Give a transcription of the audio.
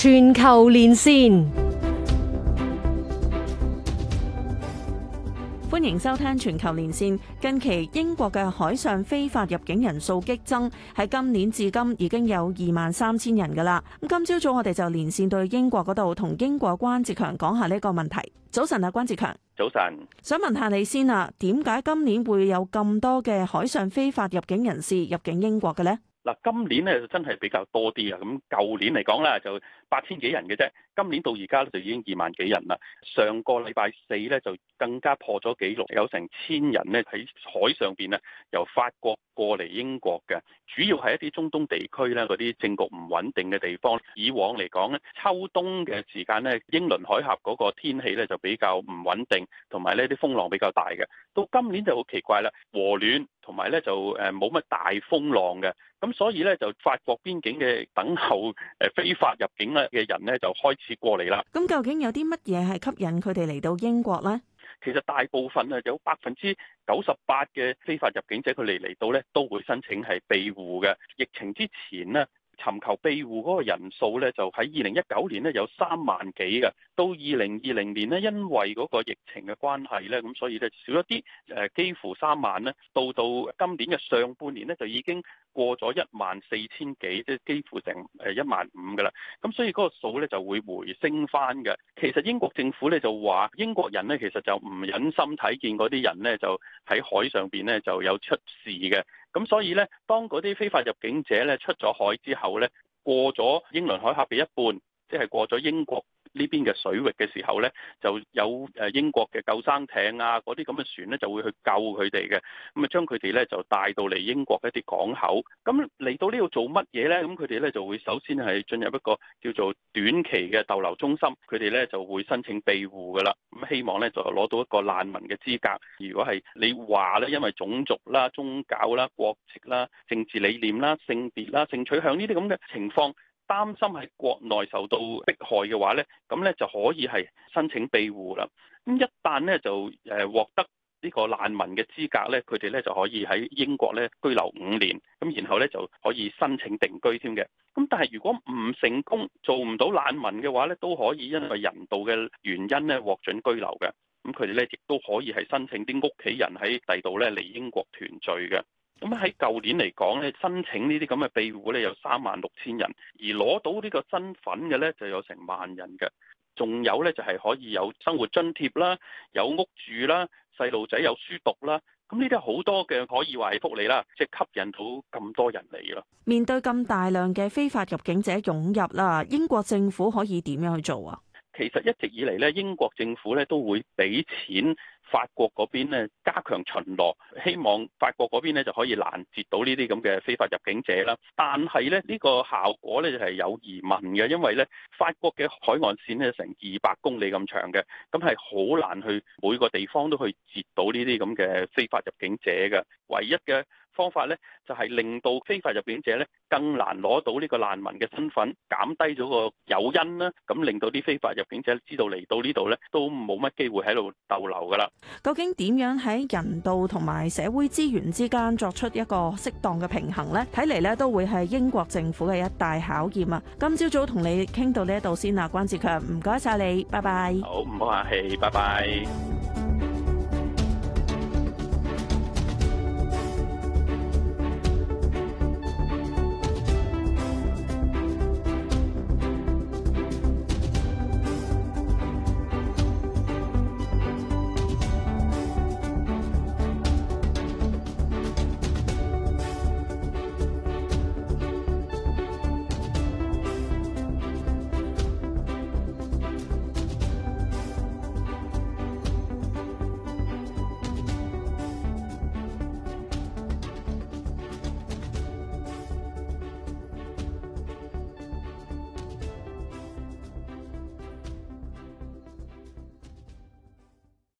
全球連線，歡迎收聽全球連線。近期英國嘅海上非法入境人數激增，喺今年至今已經有二萬三千人噶啦。咁今朝早我哋就連線對英國嗰度同英國關志強講下呢個問題。早晨啊，關志強，早晨。想問下你先啊，點解今年會有咁多嘅海上非法入境人士入境英國嘅呢？嗱，今年呢真係比較多啲啊。咁舊年嚟講喇就。八千幾人嘅啫，今年到而家就已經二萬幾人啦。上個禮拜四咧就更加破咗紀錄，有成千人呢喺海上邊呢，由法國過嚟英國嘅，主要係一啲中東地區咧嗰啲政局唔穩定嘅地方。以往嚟講咧，秋冬嘅時間咧，英倫海峽嗰個天氣咧就比較唔穩定，同埋呢啲風浪比較大嘅。到今年就好奇怪啦，和暖同埋咧就誒冇乜大風浪嘅，咁所以咧就法國邊境嘅等候誒非法入境。嘅人咧就開始過嚟啦。咁究竟有啲乜嘢係吸引佢哋嚟到英國呢？其實大部分啊有百分之九十八嘅非法入境者，佢嚟嚟到呢都會申請係庇護嘅。疫情之前呢，尋求庇護嗰個人數呢，就喺二零一九年呢，有三萬幾嘅。到二零二零年呢，因為嗰個疫情嘅關係呢，咁所以呢，少一啲。誒，幾乎三萬呢，到到今年嘅上半年呢，就已經。過咗一萬四千幾，即係幾乎成誒一萬五嘅啦。咁所以嗰個數咧就會回升翻嘅。其實英國政府咧就話，英國人咧其實就唔忍心睇見嗰啲人咧就喺海上邊咧就有出事嘅。咁所以咧，當嗰啲非法入境者咧出咗海之後咧，過咗英倫海峽嘅一半，即係過咗英國呢邊嘅水域嘅時候呢，就有誒英國嘅救生艇啊，嗰啲咁嘅船呢，就會去救佢哋嘅，咁啊將佢哋呢，就帶到嚟英國一啲港口。咁嚟到呢度做乜嘢呢？咁佢哋呢，就會首先係進入一個叫做短期嘅逗留中心，佢哋呢，就會申請庇護㗎喇，咁希望呢，就攞到一個難民嘅資格。如果係你話呢，因為種族啦、宗教啦、國籍啦、政治理念啦、性別啦、性取向呢啲咁嘅情況。擔心喺國內受到迫害嘅話呢，咁呢就可以係申請庇護啦。咁一旦呢就誒獲得呢個難民嘅資格呢，佢哋呢就可以喺英國呢居留五年，咁然後呢就可以申請定居添嘅。咁但係如果唔成功，做唔到難民嘅話呢，都可以因為人道嘅原因呢獲准居留嘅。咁佢哋呢亦都可以係申請啲屋企人喺第度呢嚟英國團聚嘅。咁喺舊年嚟講咧，申請呢啲咁嘅庇護咧有三萬六千人，而攞到呢個身份嘅咧就有成萬人嘅，仲有咧就係可以有生活津貼啦，有屋住啦，細路仔有書讀啦，咁呢啲好多嘅可以話係福利啦，即係吸引到咁多人嚟咯。面對咁大量嘅非法入境者湧入啦，英國政府可以點樣去做啊？其實一直以嚟咧，英國政府咧都會俾錢。法國嗰邊咧加強巡邏，希望法國嗰邊咧就可以攔截到呢啲咁嘅非法入境者啦。但係咧呢個效果咧係有疑問嘅，因為咧法國嘅海岸線咧成二百公里咁長嘅，咁係好難去每個地方都去截到呢啲咁嘅非法入境者嘅。唯一嘅方法咧就係令到非法入境者咧更難攞到呢個難民嘅身份，減低咗個誘因啦。咁令到啲非法入境者知道嚟到呢度咧都冇乜機會喺度逗留噶啦。究竟點樣喺人道同埋社會資源之間作出一個適當嘅平衡呢？睇嚟咧都會係英國政府嘅一大考驗啊！今朝早同你傾到呢一度先啊，關志強，唔該晒你，拜拜。好，唔好客氣，拜拜。